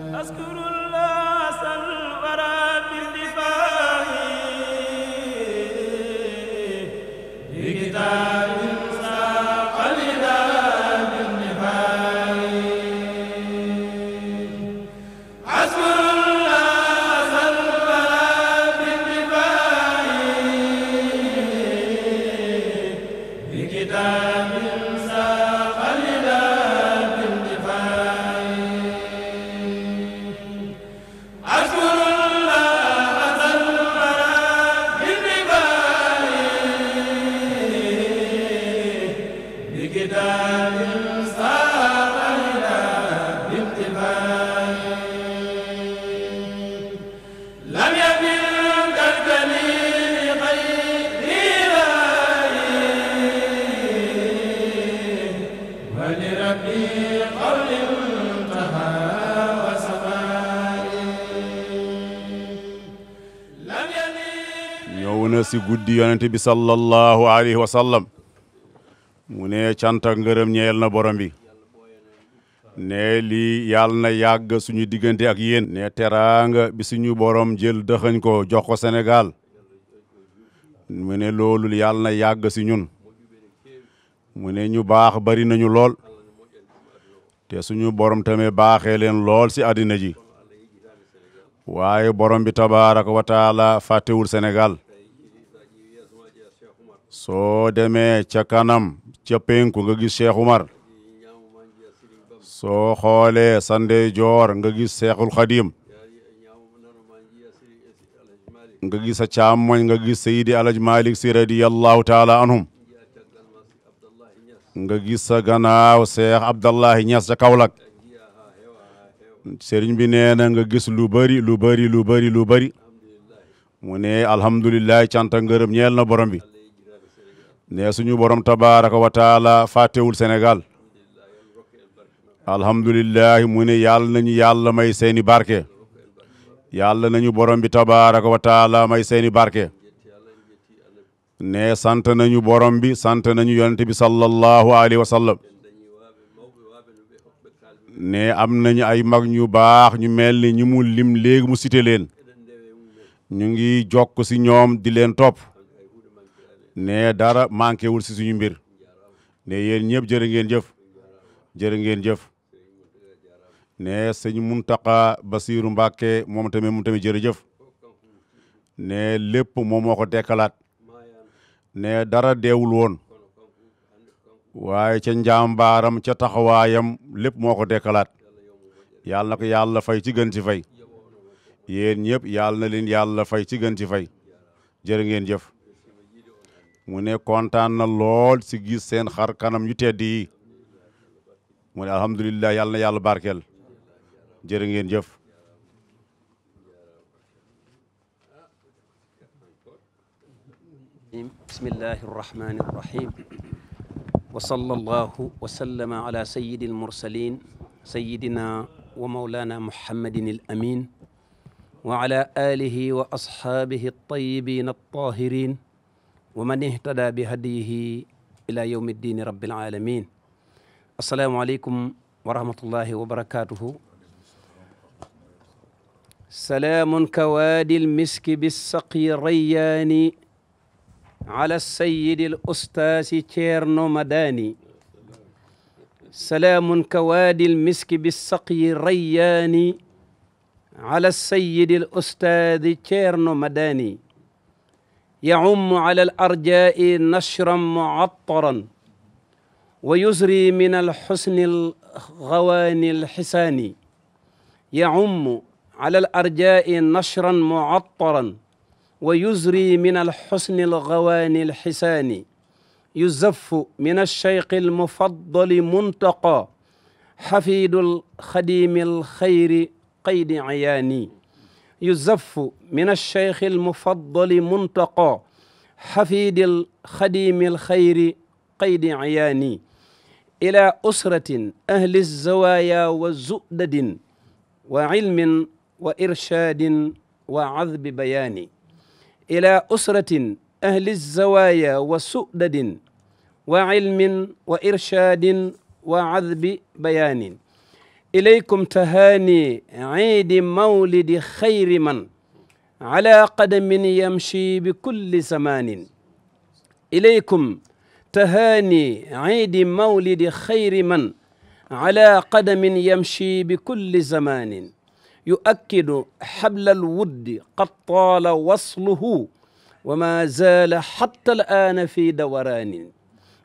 أذكر si guddi yonent bi sallallahu alayhi wa mu ne cant ak ñeel na borom bi ne lii yàlla na yàgg suñu diggante ak yéen ne teraanga bi suñu borom jël dëxañ ko jox ko Sénégal mu ne loolul yàlla na yàgg si ñun mu ne ñu baax bari nañu lool te suñu borom tamit baaxe leen lool si àddina ji waaye borom bi tabaaraka wa taala fàttewul senegal soo demee ca kanam ca penku nga gis Cheikh Umar soo xoolee sa ndeyjoor nga gis Cheikhul Khadim nga gis sa càmmoñ nga gis Seydi Alaj Malik Si radiyallahu taala anhum nga gis sa gannaaw Cheikh Abdallahi Niass ca Kaolack sëriñ bi nee nga gis lu bari lu bari lu bari lu bari mu ne alhamdulilah cant ngërëm ñeel na borom bi ne suñu borom tabaraka wa taala fàttewul senegal alhamdulilahi mu ne yàlla nañu yàlla may seeni barke yàlla nañu borom bi tabaraka wa taala may seeni barke ne sant nañu borom bi sant nañu yonent bi sallallahu alayhi wa ne am nañu ay mag ñu baax ñu mel ni ñi mu lim léegi mu cité leen ñu ngi jokk si ñoom di leen topp ne dara manqué wul si suñu mbir ne yéen ñëpp jërë ngeen jëf jërë ngeen jëf ne sëñ Muntaqa Basiru Mbàkke moom tamit moom tamit jërëjëf ne lépp moom moo ko dekkalaat ne dara deewul woon waaye ca njàmbaaram ca taxawaayam lépp moo ko dekkalaat yàlla na ko yàlla fay ci gën ci fay yéen ñëpp yàlla na leen yàlla fay ci gën ci fay jërë ngeen jëf mu ne kontaan na lool si gis seen xar kanam yu tedd yi mu ne alhamdulilah yàlla na yàlla barkeel jërë ngeen jëf bismillahi arrahmani arrahim wa sallallahu wa sallama ala sayyidi almursalin sayyidina wa mawlana muhammadin al amin wa ala alihi wa ashabihi at-tayyibin at-tahirin wa man ihtada bi hadiyihi ila yawmi ddiini rabbil aalamiin asalaamaaleykum wa rahmatullahi wa barakaatuhu salaamun kawaadil miski bissaqi rayyaani ala sayyidi l ustaasi Ceerno Madani salaamun kawaadil miski bissaqi rayyaani ala sayyidi l ustaasi Ceerno Madani يعم على الأرجاء نشرا معطرا ويزري من الحسن الغواني الحساني يعم على الأرجاء نشرا معطرا ويزري من الحسن الغواني الحساني يزف من الشيق المفضل منتقى حفيد الخديم الخير قيد عياني yuzaffu min alcheikh almufaddali muntaqa xafidi alxadimi alxayri qaydi iyaani ila usratin ahli alzawaaya wa zudadin wa ilmin wa irshaadin wa cadbi bayaani ila usratin ahli alzawaaya wa sudadin wa ilmin wa irshaadin wa cadbi bayaanin ilaykum tahaani ciidi mawlidi xayri man ala qadamin yamshi bi kulli zamanin ilaykum tahaani ciidi mawlidi xayri man ala qadamin yamshi bi kulli zamanin yuakkidu xabla alwuddi qad taala wasluhu wa ma zaala xatta alaana fi dawaranin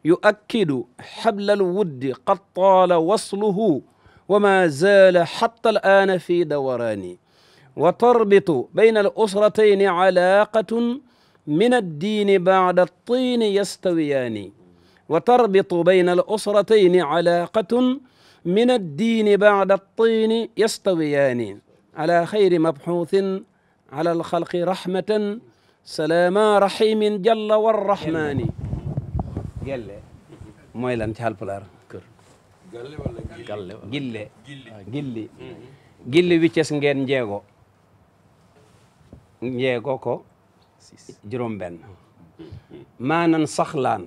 yuakkidu xabla alwuddi qad taala wasluhu وما زال حتى الآن في دوراني وتربط بين الأسرتين علاقة من الدين بعد الطين يستويان وتربط بين الأسرتين علاقة من الدين بعد الطين يستويان على خير مبحوث على الخلق رحمة سلاما رحيم جل والرحمن جل مويلان تهالبولار galle gille gilli gilli wicces ngeen njeego njeego ko juróom benn maanan saxlaan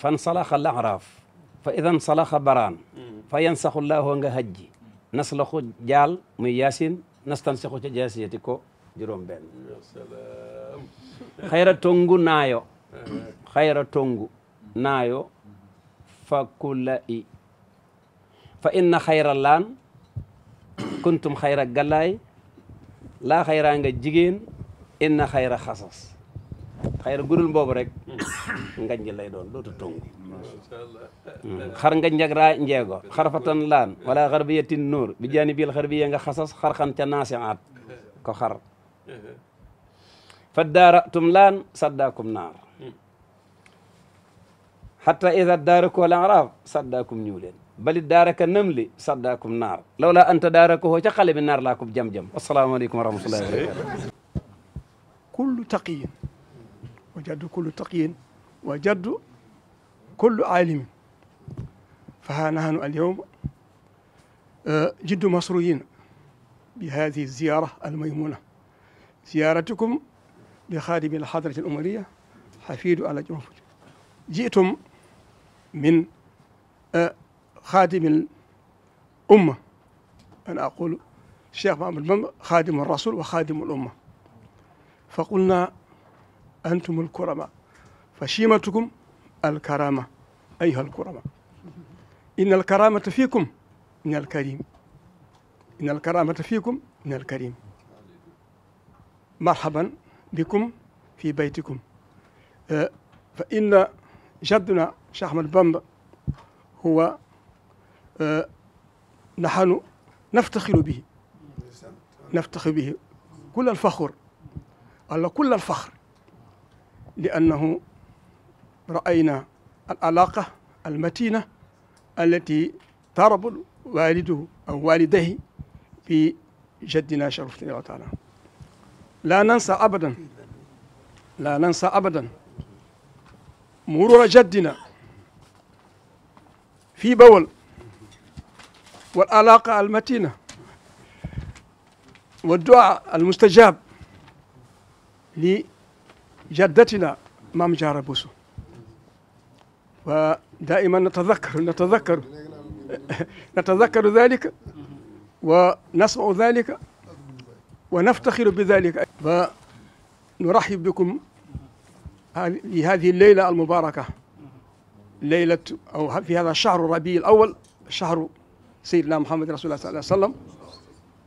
fan salaxa laxraaf fa idan salaxa baraan mm-hmm. fa yansaxu laahu nga hajji naslaxu jaal muy yaasin nastansixu ca jaasiyati ko juróom benn xayra tongu naayo xayra tongu naayo fa kula i fa inna xayra laan kuntum xayra gàllaay laa xayraa nga jigéen inna xayra xasas xayra gudul boobu rek ngañ lay doon dootu tung xar nga njag raa njeego xarfatan laan wala xarbiyatin nuur bi jaani bil xarbiya nga xasas xarxan ca naasiaat ko xar fa daaratum laan saddaakum naar xata hmm. ida daaraku al araab saddaakum ñuuleen balit daaraka namli saddaakum naar lawla anta daarakahoo ca xale bi naar laa ko jam-jam asalaamaaleykum wa rahmatullahi wa barakatu kullu taqiyin wa jaddu kullu taqiyin wa jaddu kullu alimin faha nahnu alyawma eh, jiddu masruyin bi hadihi ziyara almaymuna ziyaratukum li khadimi alhadrati alumariya hafidu ala jofud jitum min eh, xaadimil umma ana aqulu cheikh Mahamad Bamba xaadimu rasul wa xaadimul umma fa qulna antumul kurama fa chiimatukum alkarama ayuha alkurama inna alkaramata fiikum min alkarim inna alkaramata fiikum min alkarim marhaban bikum fi baytikum fa inna jadduna cheikh Ahmad Bamba huwa naxanu naftaxiru bihi naftaxi bihi kul alfaxur wala kul alfaxr li annahu raayna al alaqa almatina allati tarabul waliduhu aw walidahi bi jaddina sharaftina wa taala la nansa abadan la nansa abadan murura jaddina fii bawol والعلاقة المتينة والدعاء المستجاب لجدتنا مام جارة بوسو ودائما نتذكر نتذكر نتذكر ذلك ونسمع ذلك ونفتخر بذلك فنرحب بكم لهذه الليلة المباركة ليلة أو في هذا الشهر ربيع الأول شهر سيدنا محمد رسول الله صلى الله عليه وسلم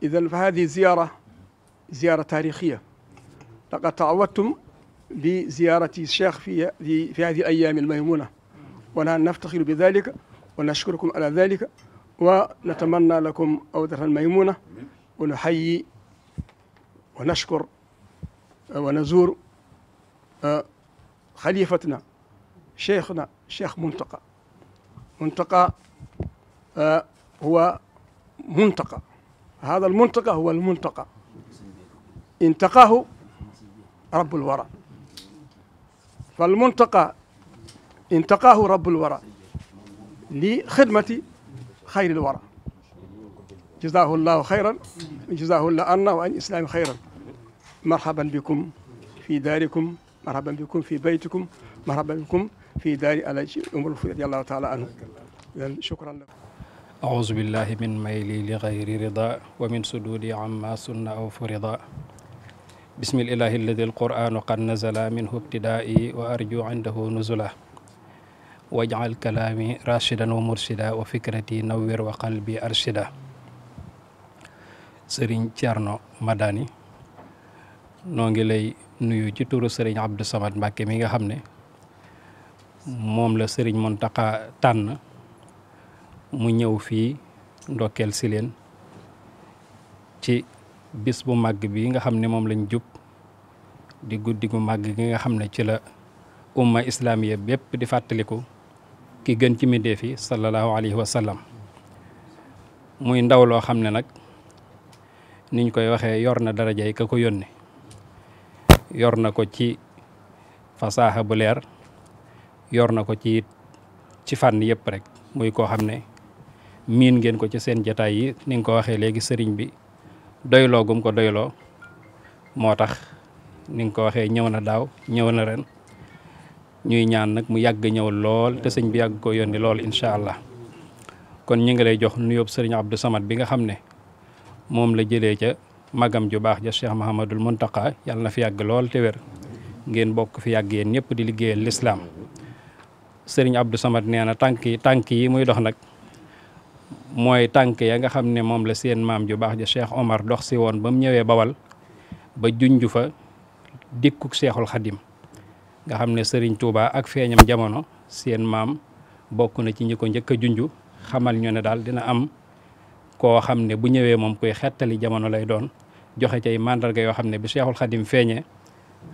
إذا فهذه زيارة زيارة تاريخية لقد تعودتم بزيارة الشيخ في في هذه الأيام الميمونة ونحن نفتخر بذلك ونشكركم على ذلك ونتمنى لكم عودة ميمونة ونحيي ونشكر ونزور خليفتنا شيخنا شيخ منتقى منتقى هو منتقى هذا المنتقى هو المنتقى انتقاه رب الورى فالمنتقى انتقاه رب الورى لخدمة خير الورى جزاه الله خيرا جزاه الله عنا وعن الإسلام خيرا مرحبا بكم في داركم مرحبا بكم في بيتكم مرحبا بكم في دار الأمر رضي الله تعالى عنه شكرا لكم أعوذ بالله من ميلي لغير رضا ومن سدودي عما سن أو فرضا بسم الإله الذي القرآن قد نزل منه ابتدائي وأرجو عنده نزلا واجعل كلامي راشدا ومرشدا وفكرتي نور وقلبي أرشدا sëriñ Thierno Madani noo ngi lay nuyu ci turu sëriñ Abdou Samad Mbacke mi nga xam ne moom la sëriñ Mountakha tànn mu ñëw fii ndokkeel si leen ci bis bu màgg bi nga xam ne moom lañ jub di guddi gu màgg gi nga xam ne ci la umma islaamiya bépp di fàttaliku ki gën ci mbindéef fi sallallahu alayhi wa muy ndaw loo xam ne nag niñ koy waxee yor na darajay ka ko yónnee yor na ko ci fasaaxa bu leer yor na ko ci ci fànn yëpp rek muy koo xam ne miin ngeen ko ci seen jataay yi ni nga ko waxee léegi sëriñ bi doyloo gum ko doyloo moo tax ni nga ko waxee ñëw na daaw ñëw na ren ñuy ñaan nag mu yàgg ñëw lool te sëñ bi yàgg ko yónni lool incha allah kon ñu ngi lay jox nuyoob sëriñ Abdou Samad bi nga xam ne moom la jëlee ca magam ju baax ja Cheikh Mahamadul Muntaqa yàlla na fi yàgg lool te wér ngeen bokk fi yàgg yéen ñëpp di liggéeyal lislaam sëriñ Abdou Samad nee na tànk yi tànk yi muy dox nag mooy tànk ya nga xam ne moom la seen maam ju baax ja Cheikh Omar dox si woon ba mu ñëwee Bawal ba junj fa dikkuk Cheikhul Xadim nga xam ne sëriñ Touba ak feeñam jamono seen maam bokk na ci ñi ko njëkk a junj xamal ñu ne daal dina am koo xam ne bu ñëwee moom koy xettali jamono lay doon joxe cay màndarga yoo xam ne bi Cheikhul Xadim feeñe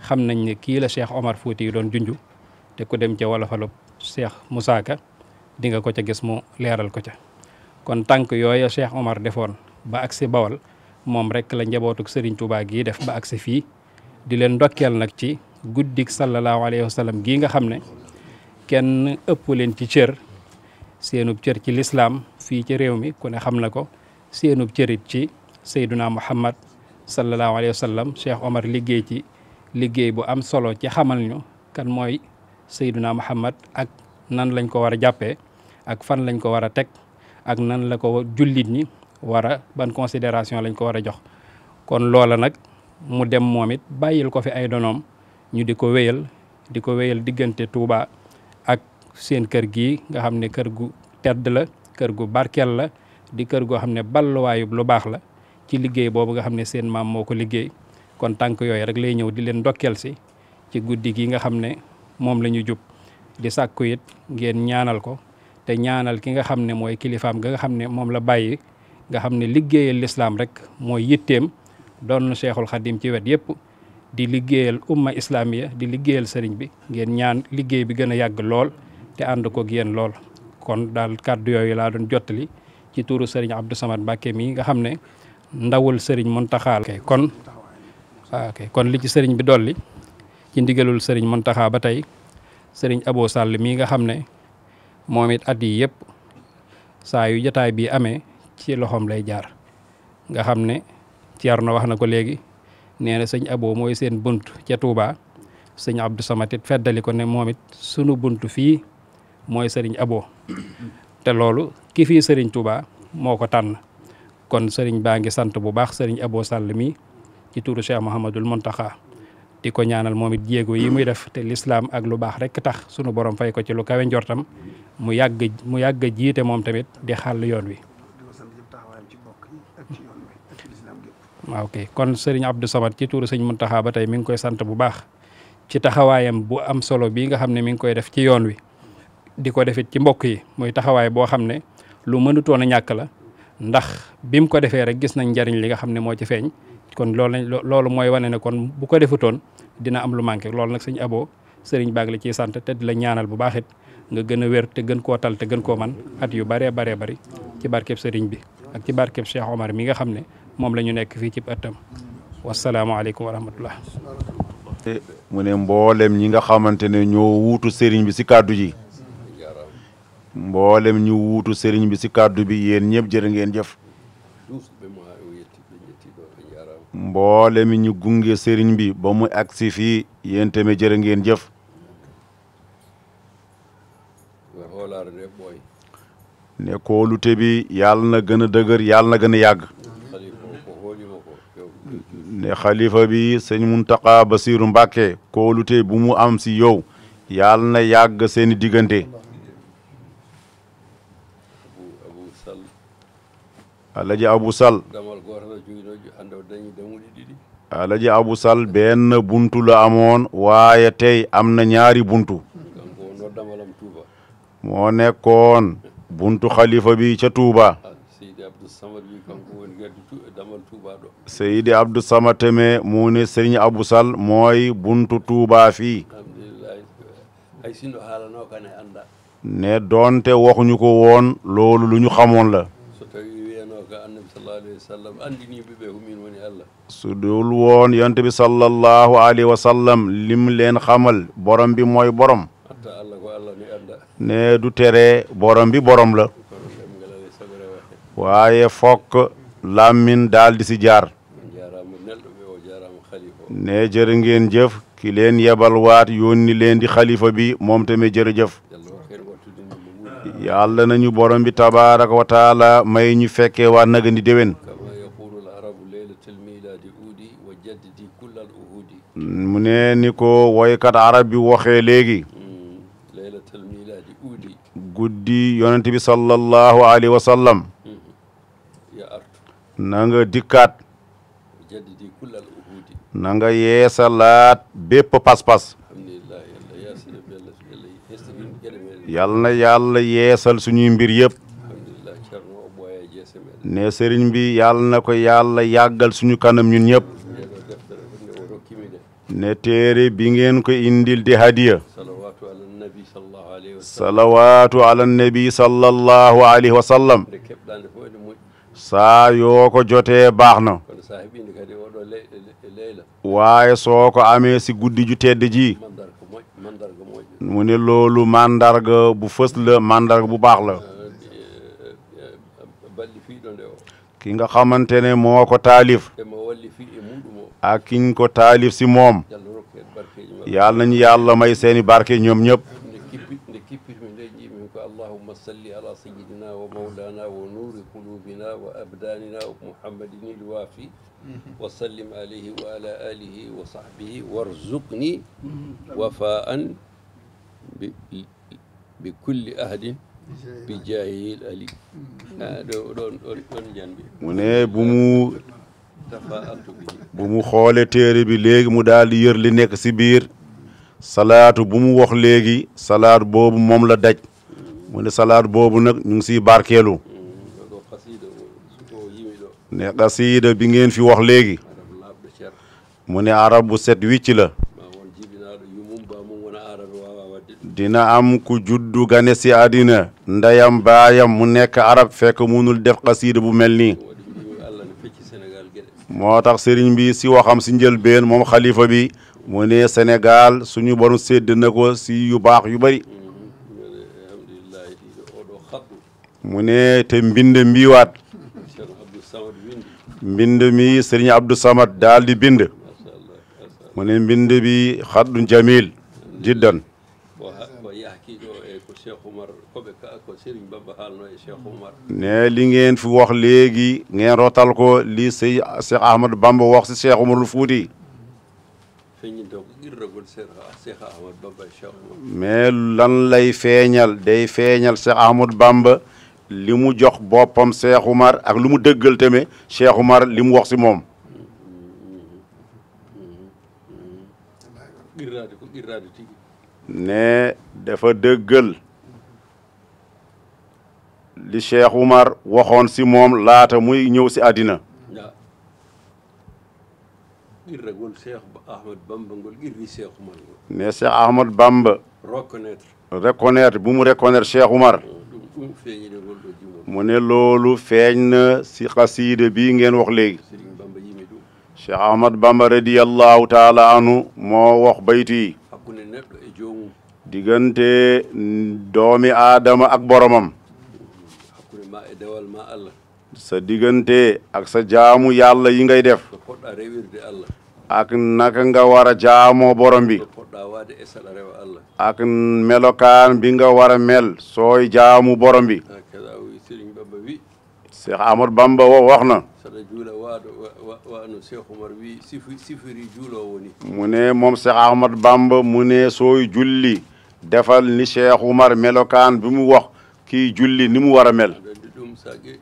xam nañ ne kii la Cheikh Omar Fouti yi doon junj te ku dem ca wala falub Cheikh Moussa Ka di nga ko ca gis mu leeral ko ca. kon tànk yooya Cheikh Omar defoon ba agsi Bawol moom rek la njabootuk Serigne Touba gii def ba agsi fii di leen ndokkeel nag ci guddik sallallahu alayhi wa sallam gii nga xam ne kenn ëpp leen ci cër seenub cër ci lislaam fii ci réew mi ku ne xam na ko seenub cërit ci sayduna muhammad sallallahu alayhi wa sallam Cheikh Omar liggéey ci liggéey bu am solo ci xamal ñu kan mooy sayduna muhammad ak nan lañ ko war a jàppee ak fan lañ ko war a teg ak nan la ko jullit ñi war a ban considération lañ ko war a jox kon loola nag mu dem moom it bàyyil ko fi ay donoom ñu di ko wéyal di ko wéyal diggante Touba ak seen kër gi nga xam ne kër gu tedd la kër gu barkeel la di kër goo xam ne balluwaayub lu baax la ci liggéey boobu nga xam ne seen maam moo ko liggéey kon tànk yooyu rek lay ñëw di leen ndokkeel si ci guddi gi nga xam ne moom la ñu jub di sàkku it ngeen ñaanal ko te ñaanal ki nga xam ne mooy kilifaam nga nga xam ne moom la bàyyi nga xam ne liggéeyal lislaam rek mooy yitteem doon Cheikhul Khadim ci wet yëpp di liggéeyal umma islamiya di liggéeyal sëriñ bi ngeen ñaan liggéey bi gën a yàgg lool te ànd ko yéen lool. kon daal kàddu yooyu laa doon jottali ci tuuru sëriñ Abdou Samad Mbacke mii nga xam ne ndawul sëriñ Mountakha la kon ah, kon li ci sëriñ bi dolli ci ndigalul sëriñ Mountakha ba tey sëriñ Abo Sall mii nga xam ne. moom it at yi yëpp saayu yu jataay bi amee ci loxoom lay jaar nga xam ne Thierno wax na ko léegi nee na sëñ Abo mooy seen bunt ca Touba sëñ Abdou Samad it ko ne moomit sunu bunt fii mooy sëriñ Abo te loolu kii fii sëriñ Touba moo ko tànn kon sëriñ baa ngi sant bu baax sëriñ Abo Sall mi ci turu Cheikh Mouhamadul Mountakha di ko ñaanal moom it jéego yi muy def te lislaam ak lu baax rek tax sunu borom fay ko ci lu kawe njortam mu yàgg mu yàgg jiite moom tamit di xàll yoon wi. waaw ok kon Serigne Abdou Samad ci tuuru sëñ Muntaxa ba tey mi ngi koy sant bu baax ci taxawaayam bu am solo bii nga xam ne mi ngi koy def ci yoon wi di ko defit ci mbokk yi muy taxawaay boo xam ne lu mënutoon a ñàkk la ndax bi mu ko defee rek gis nañ njariñ li nga xam ne moo ci feeñ. kon loolu lañ loolu mooy wanee ne kon bu ko toon dina am lu manqué loolu nag sëñ Abo sëriñ baak la ciy sant te di la ñaanal bu baax nga gën a wér te gën koo tal te gën koo man at yu baree baree bari ci barkeb sëriñ bi ak ci barkeb Cheikh Omar mi nga xam ne moom la ñu nekk fii ci ëttam wasalaamaaleykum wa rahmatullah mu ne mboolem ñi nga xamante ne ñoo wuutu sëriñ bi si kàddu ji mboolem ñu wuutu sëriñ bi si kàddu bi yéen ñëpp jërë ngeen jëf mboole mi ñu gunge sëriñ bi ba mu agsi fii yéen tamit jërë ngeen jëf ne kóolute bi yàlla na gën a dëgër yàlla na gën a yàgg ne xalifa bi sëñ Muntaqa Basiru Mbàkke kóolute bu mu am si yow yal na yàgg seeni diggante alaji abou sall gamal goto benn buntu la amoon waaye tey am na ñaari buntu kanko nekkoon buntu xalifa bi ca touba ah, seydi abdou samad wi mooy buntu touba fii alhamdulillahi ne doonte waxuñu ko woon loolu luñu ñu xamoon la sallallahu alayhi woon yonte bi sallallahu alayhi wa lim leen xamal borom bi mooy borom hatta du tere borom bi borom la waaye fokk làmmin daal si jaar ne jërë ngeen jëf ki leen yebal waat yónni leen xalifa bi moom tamit jërëjëf yàlla nañu borom bi tabaraka may ñu fekkee waa nagandi déwén mu ne ni ko woykat arab bi waxee léegi mm, guddi yonent bi sallallahu alayhi wa sallam mm-hmm. na nga dikkaat na nga pas-pas yal na yàlla yeesal suñuy mbir yëpp ne sëriñ bi yal na ko yàlla yàggal suñu kanam ñun ñëpp ne téere bi ngeen ko indil di hadiya salawaatu ala nabi alayhi wa saa yoo ko jotee baax na waaye soo amee si guddi ju tedd mu ne loolu mandarga bu fës la mandarga bu baax la ki nga xamante ne moo ko taalif ak ko taalif si moom yàlla nañu yàlla may seeni barke ñoom ñëpp اللهم صل على سيدنا ومولانا ونور قلوبنا وأبداننا محمد الوافي وسلم عليه وعلى آله وصحبه وارزقني وفاء bi kulli hmm. ah, mu ne bu mu xoole téere bi léegi mu daal di li nekk si biir salaatu bu mu wax léegi salaatu boobu moom la daj mu ne salaatu boobu nag ñu ngi siy barkeelu hmm, ne xasiida bi ngeen fi wax léegi mu ne arab bu set wicc la dina am ku juddu gane si àddina ndeyam baayam mu nekk arab fekk munul def xasiida bu mel ni moo tax sëriñ bi si waxam si njëlbeen moom xalifa bi mu ne Sénégal suñu borom sédd na ko si yu baax yu bari mm-hmm. mu ne te mbind mbiiwaat mbind mi sëriñ Abdou Samad daal di bind mu ne mbind bi xaddu jamil جدا ne li ngeen fi wax léegi ngeen rotal ko li sey Cheikh Ahmadou Bamba wax si Cheikh Omarul Fuuti mais lan lay feeñal day feeñal Cheikh Ahmadou Bamba li mu jox boppam Cheikh Omar ak lu mu dëggal tamit Cheikh Omar li mu wax si moom ne dafa dëggël li Cheikh Oumar waxoon si moom laata muy ñëw si àddina ne Cheikh Ahmad Bamba reconnaître bu mu reconnaître Cheikh Oumar oh, mu ne loolu feeñ na si xasiida bii ngeen wax léegi cheikh ahmad bamba radiallahu taala anhu moo wax bayti yi e diggante doomi aadama ak boromam hakkunde e sa diggante ak sa jaamu yàlla yi ngay def so poɗɗa ak naka nga war a jaamoo borom bi e ak melokaan bi nga war a mel sooy jaamu borom bi Ahmad Bamba wax na mu ne moom Cheikh Ahmad Bamba mu ne sooy julli defal ni Cheikh Oumar melokaan bi mu wax kii julli ni mu war a mel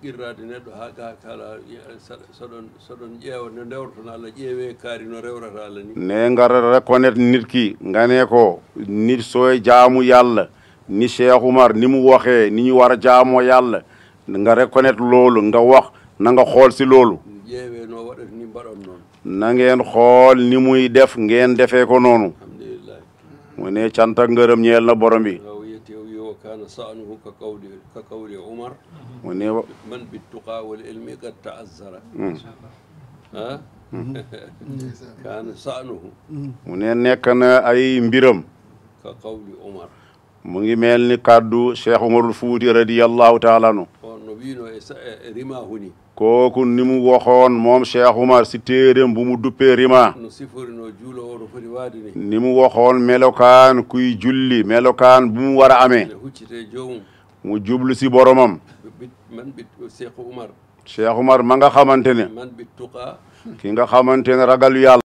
irrade neɗɗo ha ga kala soɗon soɗon nit ki nga ne ko nit sooy jaamu yàlla ni Cheikh Oumar ni mu waxee ni ñu war a jaamoo yàlla nga reconnaître loolu nga wax na nga xool si loolu ƴeewe no ni xool ni muy def ngeen defee ko noonu alhamdulillahi mu ne cant ak ngërëm ñeel borom bi ka qawli ka qawli oumar mu ne man bittuqa wal ilmi qad ta'azzara mm. mm-hmm. mu ne nekk na ay mbiram ka qawli oumar mu ngi mel ni kàddu cheikh umarul fuuti radiyallahu taala no kooku ni mu waxoon moom Cheikh Oumar si téeréem bu mu duppee rima ni mu waxoon melokaan kuy julli melokaan bu mu war a amee mu jublu si boromam Cheikh Oumar ma nga xamante ne ki nga xamante ne ragalu yàlla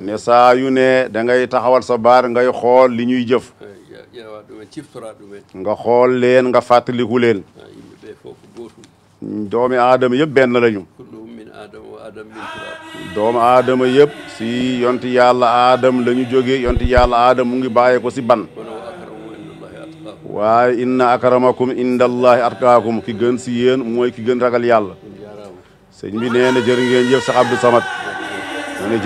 ne saa yu ne da ngay taxawal sa baar ngay xool li ñuy jëf nga xool leen nga fàttaliku leen doomi aadama yëpp benn lañu doomu aadama yëpp si yonti yàlla aadam la ñu jógee yonti yàlla aadam mu ngi bàyyee ko si ban waaye inna akramakum indallahi atkaakum ki gën si yéen mooy ki gën ragal yàlla sëñ bi nee na jërë ngeen jëf sax Abdou Samad mu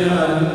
sirran